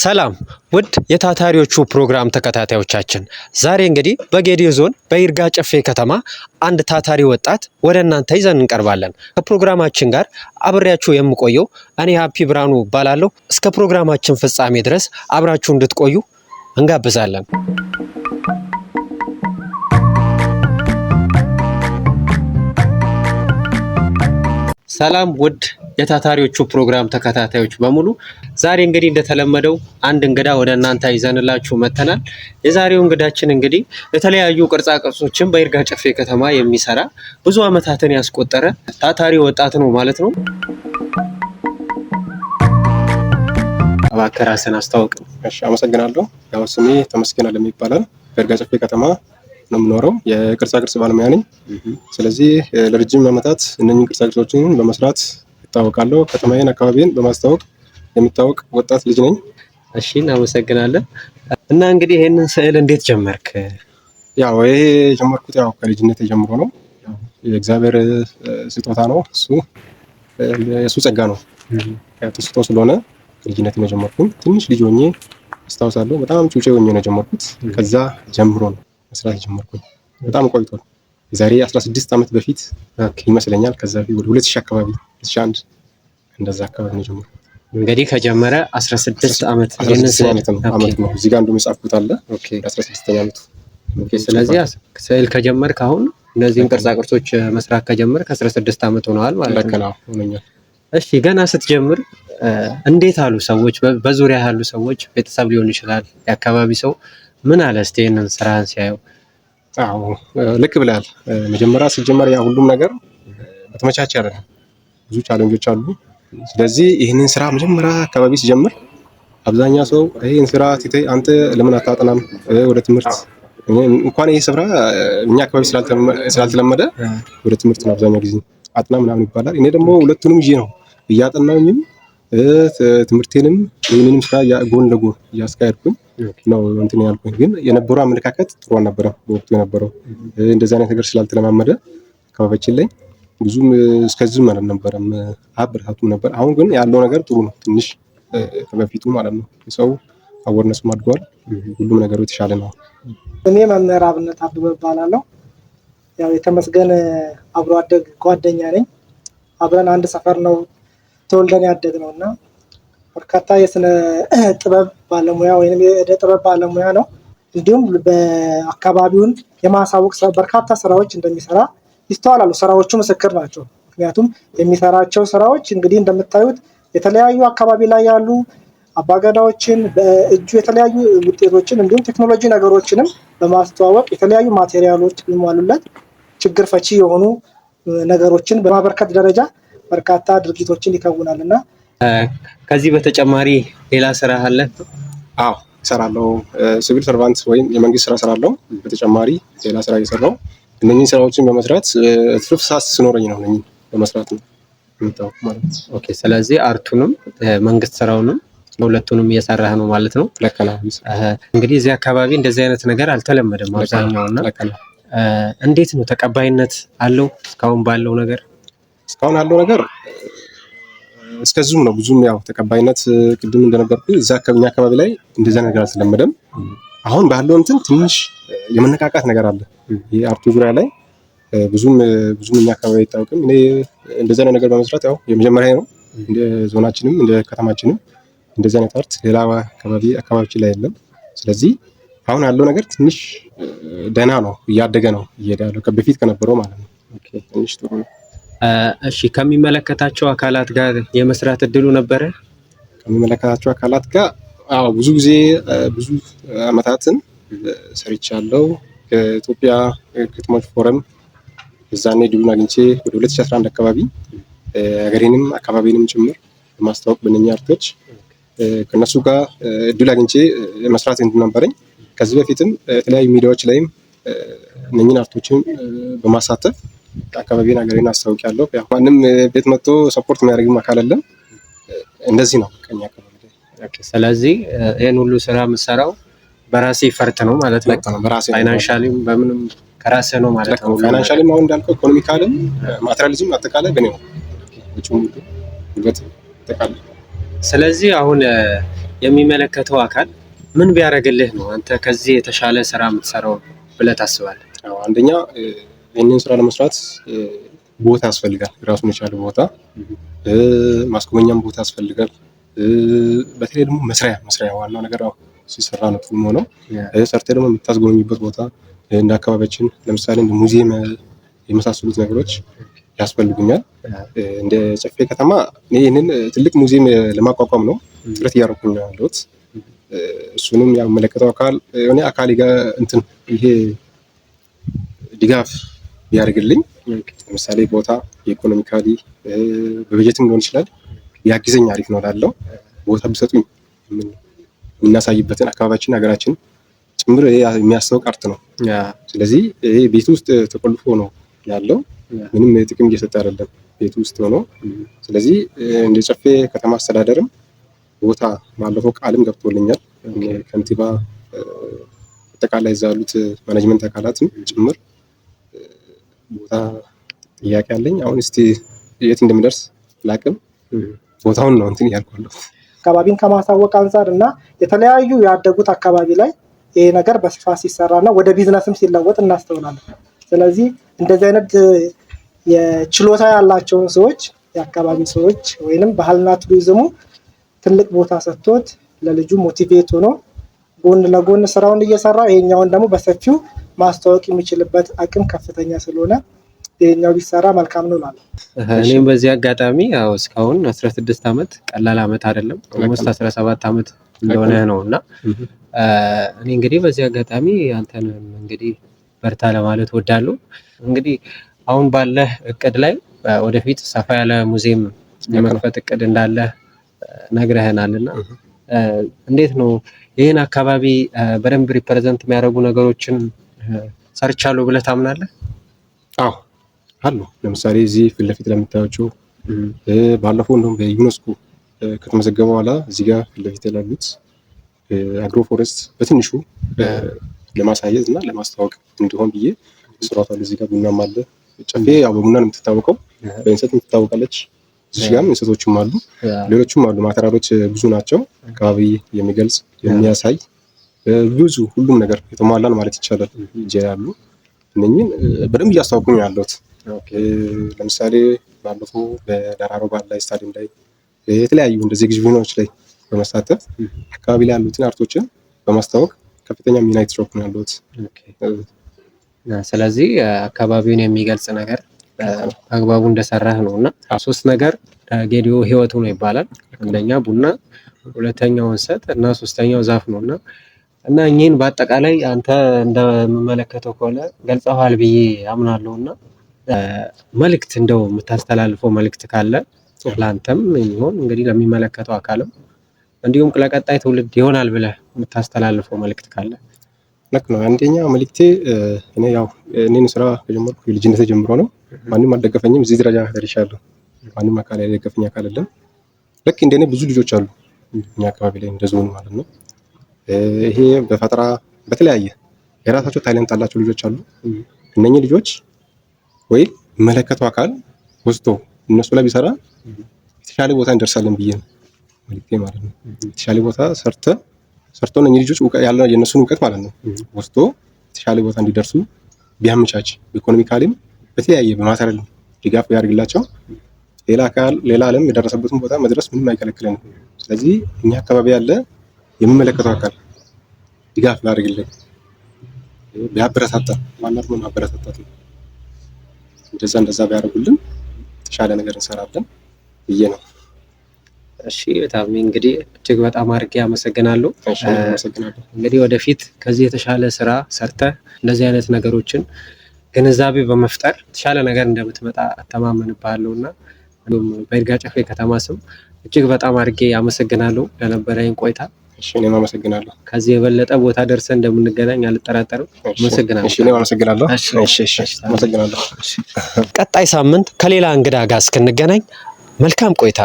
ሰላም ውድ የታታሪዎቹ ፕሮግራም ተከታታዮቻችን፣ ዛሬ እንግዲህ በጌዲዮ ዞን በይርጋ ጨፌ ከተማ አንድ ታታሪ ወጣት ወደ እናንተ ይዘን እንቀርባለን። ከፕሮግራማችን ጋር አብሬያችሁ የምቆየው እኔ ሀፒ ብርሃኑ እባላለሁ። እስከ ፕሮግራማችን ፍጻሜ ድረስ አብራችሁ እንድትቆዩ እንጋብዛለን። ሰላም ውድ የታታሪዎቹ ፕሮግራም ተከታታዮች በሙሉ ዛሬ እንግዲህ እንደተለመደው አንድ እንግዳ ወደ እናንተ ይዘንላችሁ መተናል። የዛሬው እንግዳችን እንግዲህ የተለያዩ ቅርጻ ቅርጾችን በይርጋ ጨፌ ከተማ የሚሰራ ብዙ ዓመታትን ያስቆጠረ ታታሪ ወጣት ነው ማለት ነው። እባክህ ራስን አስታውቅ። እሺ፣ አመሰግናለሁ። ያው ስሜ ተመስገን አለም ይባላል። በይርጋ ጨፌ ከተማ ነው የምኖረው። የቅርጻ ቅርጽ ባለሙያ ነኝ። ስለዚህ ለረጅም ዓመታት እነኝህ ቅርጻ ቅርጾችን በመስራት ይታወቃለሁ። ከተማዬን አካባቢን በማስታወቅ የምታወቅ ወጣት ልጅ ነኝ። እሺ እናመሰግናለን። እና እንግዲህ ይህንን ስዕል እንዴት ጀመርክ? ያው ይሄ የጀመርኩት ያው ከልጅነት ጀምሮ ነው። የእግዚአብሔር ስጦታ ነው እሱ የእሱ ጸጋ ነው ስጦ ስለሆነ ልጅነት ነው ጀመርኩኝ። ትንሽ ልጅ ሆኜ አስታውሳለሁ። በጣም ጩጬ ሆኜ ነው ጀመርኩት። ከዛ ጀምሮ ነው መስራት የጀመርኩኝ። በጣም ቆይቷል። የዛሬ 16 ዓመት በፊት ይመስለኛል። ከዛ ወደ 2000 አካባቢ 2001 እንደዛ አካባቢ ነው ጀመርኩት። እንግዲህ ከጀመረ 16 ዓመት ዓመት ነው። እዚህ ጋር አንዱ መጽሐፍ ቦታ አለ 16ኛ ዓመቱ። ስለዚህ ስዕል ከጀመር አሁን እነዚህን ቅርጻ ቅርጾች መስራት ከጀመር ከ16 ዓመት ሆነዋል ማለት ነው። እሺ ገና ስትጀምር እንዴት አሉ ሰዎች? በዙሪያ ያሉ ሰዎች ቤተሰብ ሊሆን ይችላል፣ የአካባቢ ሰው ምን አለ እስቲ ይህንን ስራህን ሲያየው? አዎ ልክ ብላል። መጀመሪያ ሲጀመር ያ ሁሉም ነገር በተመቻቸ አይደለም፣ ብዙ ቻለንጆች አሉ ስለዚህ ይህንን ስራ መጀመሪያ አካባቢ ሲጀምር አብዛኛው ሰው ይህን ስራ ሲታይ አንተ ለምን አታጠናም ወደ ትምህርት እንኳን ይህ ስፍራ እኛ አካባቢ ስላልተለመደ ወደ ትምህርት ነው አብዛኛው ጊዜ አጥና ምናምን ይባላል። እኔ ደግሞ ሁለቱንም ይዤ ነው እያጠናውኝም ትምህርቴንም ይህንንም ስራ ጎን ለጎን እያስካሄድኩኝ ነው እንትን ያልኩኝ። ግን የነበረው አመለካከት ጥሩ አልነበረም። በወቅቱ የነበረው እንደዚህ አይነት ነገር ስላልተለማመደ አካባቢያችን ላይ ብዙም እስከዚህም አልነበረም። አበረታቱም ነበር። አሁን ግን ያለው ነገር ጥሩ ነው፣ ትንሽ ከበፊቱ ማለት ነው። ሰው አወርነስ አድጓል። ሁሉም ነገሩ የተሻለ ነው። እኔ መምህር አብነት አበበ እባላለሁ። ያው የተመስገን አብሮ አደግ ጓደኛ ነኝ። አብረን አንድ ሰፈር ነው ተወልደን ያደግ ነው እና በርካታ የስነ ጥበብ ባለሙያ ወይም የእደ ጥበብ ባለሙያ ነው። እንዲሁም በአካባቢውን የማሳወቅ በርካታ ስራዎች እንደሚሰራ ይስተዋላሉ። ስራዎቹ ምስክር ናቸው። ምክንያቱም የሚሰራቸው ስራዎች እንግዲህ እንደምታዩት የተለያዩ አካባቢ ላይ ያሉ አባገዳዎችን በእጁ የተለያዩ ውጤቶችን እንዲሁም ቴክኖሎጂ ነገሮችንም በማስተዋወቅ የተለያዩ ማቴሪያሎች የሚሟሉለት ችግር ፈቺ የሆኑ ነገሮችን በማበርከት ደረጃ በርካታ ድርጊቶችን ይከውናል እና ከዚህ በተጨማሪ ሌላ ስራ አለ? አዎ እሰራለሁ። ሲቪል ሰርቫንት ወይም የመንግስት ስራ እሰራለሁ። በተጨማሪ ሌላ ስራ እየሰራሁ እነኚህን ስራዎችን በመስራት ትርፍ ሳስ ስኖረኝ ነው እነኚህን በመስራት ነው የምታወቅ ማለት ነው። ኦኬ። ስለዚህ አርቱንም መንግስት ስራውንም በሁለቱንም እየሰራህ ነው ማለት ነው። እንግዲህ እዚህ አካባቢ እንደዚህ አይነት ነገር አልተለመደም አብዛኛው አብዛኛውና እንዴት ነው ተቀባይነት አለው? እስካሁን ባለው ነገር እስካሁን ያለው ነገር እስከዚሁም ነው። ብዙም ያው ተቀባይነት ቅድም እንደነበርኩ እዛ ከኛ አካባቢ ላይ እንደዛ ነገር አልተለመደም። አሁን ባለው እንትን ትንሽ የመነቃቃት ነገር አለ። ይሄ አርቱ ዙሪያ ላይ ብዙም ብዙም እኛ አካባቢ አይታወቅም። እኔ እንደዚህ አይነት ነገር በመስራት ያው የመጀመሪያ ነው። እንደ ዞናችንም እንደ ከተማችንም እንደዚህ አይነት አርት ሌላ አካባቢ አካባቢዎች ላይ የለም። ስለዚህ አሁን ያለው ነገር ትንሽ ደህና ነው፣ እያደገ ነው እየሄደ ያለው በፊት ከነበረው ማለት ነው። ትንሽ ጥሩ ነው። እሺ፣ ከሚመለከታቸው አካላት ጋር የመስራት እድሉ ነበረ? ከሚመለከታቸው አካላት ጋር አዎ፣ ብዙ ጊዜ ብዙ አመታትን ሰርቻለሁ። ከኢትዮጵያ ግጥሞች ፎረም እዛኔ ድሉን አግኝቼ ወደ 2011 አካባቢ ሀገሬንም አካባቢንም ጭምር ለማስታወቅ ብንኛ አርቶች ከነሱ ጋር እድል አግኝቼ መስራት ነበረኝ። ከዚህ በፊትም የተለያዩ ሚዲያዎች ላይም እነኝን አርቶችን በማሳተፍ አካባቢን ሀገሬን አስታውቂያለሁ። ማንም ቤት መጥቶ ሰፖርት የሚያደርግም አካል አለም። እንደዚህ ነው ከኛ አካባቢ። ስለዚህ ይህን ሁሉ ስራ የምሰራው በራሴ ፈርት ነው ማለት ነው። በራሴ ፋይናንሻሊም በምንም ከራሴ ነው ማለት ነው። ፋይናንሻሊም አሁን እንዳልከው ኢኮኖሚካልም ማቴሪያሊዝም አጠቃላይ በኔ ግን ስለዚህ አሁን የሚመለከተው አካል ምን ቢያደርግልህ ነው አንተ ከዚህ የተሻለ ስራ የምትሰራው ብለህ ታስባለህ? አንደኛ ይህንን ስራ ለመስራት ቦታ ያስፈልጋል። ራሱን የቻለ ቦታ ማስቆመኛም ቦታ ያስፈልጋል። በተለይ ደግሞ መስሪያ መስሪያ ዋናው ነገር ሲሰራ ነው ፊልም ሆነው ሰርተ ደግሞ የምታስጎበኙበት ቦታ እንደ አካባቢያችን ለምሳሌ እንደ ሙዚየም የመሳሰሉት ነገሮች ያስፈልጉኛል። እንደ ጨፌ ከተማ ይህንን ትልቅ ሙዚየም ለማቋቋም ነው ጥረት እያደረኩኝ ያለሁት። እሱንም ያው ያመለከተው አካል የሆነ አካል እንትን ይሄ ድጋፍ ቢያደርግልኝ ለምሳሌ ቦታ የኢኮኖሚካሊ በበጀትም ሊሆን ይችላል ያግዘኝ አሪፍ ነው ላለው ቦታ ቢሰጡኝ የምናሳይበትን አካባቢያችን ሀገራችን ጭምር የሚያስተው አርት ነው። ስለዚህ ይሄ ቤት ውስጥ ተቆልፎ ነው ያለው። ምንም ጥቅም እየሰጠ አይደለም ቤት ውስጥ ሆኖ። ስለዚህ እንደ ጨፌ ከተማ አስተዳደርም ቦታ ባለፈው ቃልም ገብቶልኛል ከንቲባ አጠቃላይ እዛ ያሉት ማኔጅመንት አካላትም ጭምር ቦታ ጥያቄ አለኝ። አሁን እስቲ የት እንደምደርስ ላቅም ቦታውን ነው እንትን እያልኳለሁ። አካባቢን ከማሳወቅ አንጻር እና የተለያዩ ያደጉት አካባቢ ላይ ይሄ ነገር በስፋት ሲሰራ እና ወደ ቢዝነስም ሲለወጥ እናስተውላለን። ስለዚህ እንደዚህ አይነት የችሎታ ያላቸውን ሰዎች የአካባቢ ሰዎች ወይንም ባህልና ቱሪዝሙ ትልቅ ቦታ ሰጥቶት ለልጁ ሞቲቬት ሆኖ ጎን ለጎን ስራውን እየሰራ ይሄኛውን ደግሞ በሰፊው ማስተዋወቅ የሚችልበት አቅም ከፍተኛ ስለሆነ ይሄኛው ቢሰራ መልካም ነው ላለ እኔም በዚህ አጋጣሚ ያው እስካሁን 16 ዓመት ቀላል ዓመት አይደለም፣ ኦልሞስት 17 ዓመት እንደሆነ ነው እና እኔ እንግዲህ በዚህ አጋጣሚ አንተን እንግዲህ በርታ ለማለት ወዳለሁ። እንግዲህ አሁን ባለ እቅድ ላይ ወደፊት ሰፋ ያለ ሙዚየም የመክፈት እቅድ እንዳለ ነግረህናል እና እንዴት ነው ይህን አካባቢ በደንብ ሪፕሬዘንት የሚያደርጉ ነገሮችን ሰርቻለሁ ብለህ ታምናለህ? አዎ አሉ። ለምሳሌ እዚህ ፊት ለፊት ለምታያቸው ባለፈው እንዲሁም በዩኔስኮ ከተመዘገበ በኋላ እዚህ ጋር ፊት ለፊት ላሉት አግሮ ፎረስት በትንሹ ለማሳየት እና ለማስታወቅ እንዲሆን ብዬ ስራቷል። እዚህ ጋር ቡናም አለ። ጨፌ ያው በቡና ነው የምትታወቀው፣ በእንሰት የምትታወቃለች። እዚህ ጋርም እንሰቶችም አሉ፣ ሌሎችም አሉ። ማተራሮች ብዙ ናቸው። አካባቢ የሚገልጽ የሚያሳይ ብዙ ሁሉም ነገር የተሟላን ማለት ይቻላል። እጄ ያሉ እነኝን በደንብ እያስታወቁኝ ያለሁት ለምሳሌ ባለፈው በደራሮ ባላይ ስታዲየም ላይ የተለያዩ እንደዚህ ግዥቢኖች ላይ በመሳተፍ አካባቢ ላይ ያሉትን አርቶችን በማስታወቅ ከፍተኛ ሚና የተጫወቱ ነው ያሉት። ስለዚህ አካባቢውን የሚገልጽ ነገር አግባቡ እንደሰራህ ነው እና ሶስት ነገር ጌዲዮ ህይወቱ ነው ይባላል። አንደኛ ቡና፣ ሁለተኛው እንሰት እና ሶስተኛው ዛፍ ነው እና እና እኚህን በአጠቃላይ አንተ እንደምመለከተው ከሆነ ገልጸኋል ብዬ አምናለሁ እና መልእክት እንደው የምታስተላልፈው መልእክት ካለ ለአንተም የሚሆን እንግዲህ ለሚመለከተው አካልም እንዲሁም ለቀጣይ ትውልድ ይሆናል ብለህ የምታስተላልፈው መልእክት ካለ ልክ ነው። አንደኛ መልእክቴ እኔ ያው እኔን ስራ ከጀመርኩ የልጅነት ጀምሮ ነው። ማንም አልደገፈኝም፣ እዚህ ደረጃ ደርሻለሁ። ማንም አካል ያልደገፈኝ አካል የለም። ልክ እንደኔ ብዙ ልጆች አሉ እኛ አካባቢ ላይ እንደ ማለት ነው። ይሄ በፈጠራ በተለያየ የራሳቸው ታይለንት አላቸው ልጆች አሉ። እነኚህ ልጆች ወይም መለከቱ አካል ወስዶ እነሱ ላይ ቢሰራ የተሻለ ቦታ እንደርሳለን ብዬ ነው መልክቴ ማለት ነው። የተሻለ ቦታ ሰርተ ሰርቶ ነው ልጆች የእነሱን እውቀት ማለት ነው ወስዶ የተሻለ ቦታ እንዲደርሱ ቢያመቻች ኢኮኖሚካሊም በተለያየ በማቴሪያል ድጋፍ ያደርግላቸው ሌላ አካል ሌላ ዓለም የደረሰበትን ቦታ መድረስ ምንም አይከለክለን። ስለዚህ እኛ አካባቢ ያለ የሚመለከተው አካል ድጋፍ ላደርግልን ቢያበረታታ ማናት ማበረታታት ነው። እንደዛ እንደዛ ቢያደርጉልን የተሻለ ነገር እንሰራለን ብዬ ነው። እሺ በጣም እንግዲህ እጅግ በጣም አድርጌ አመሰግናለሁ። እንግዲህ ወደፊት ከዚህ የተሻለ ስራ ሰርተ እንደዚህ አይነት ነገሮችን ግንዛቤ በመፍጠር የተሻለ ነገር እንደምትመጣ እተማመንብሃለሁ እና በይርጋ ጨፌ ከተማ ስም እጅግ በጣም አድርጌ አመሰግናለሁ ለነበረኝ ቆይታ። እሺ እኔም አመሰግናለሁ። ከዚህ የበለጠ ቦታ ደርሰን እንደምንገናኝ አልጠራጠርም። አመሰግናለሁ። እሺ እኔም አመሰግናለሁ። እሺ እሺ አመሰግናለሁ። ቀጣይ ሳምንት ከሌላ እንግዳ ጋር እስክንገናኝ መልካም ቆይታ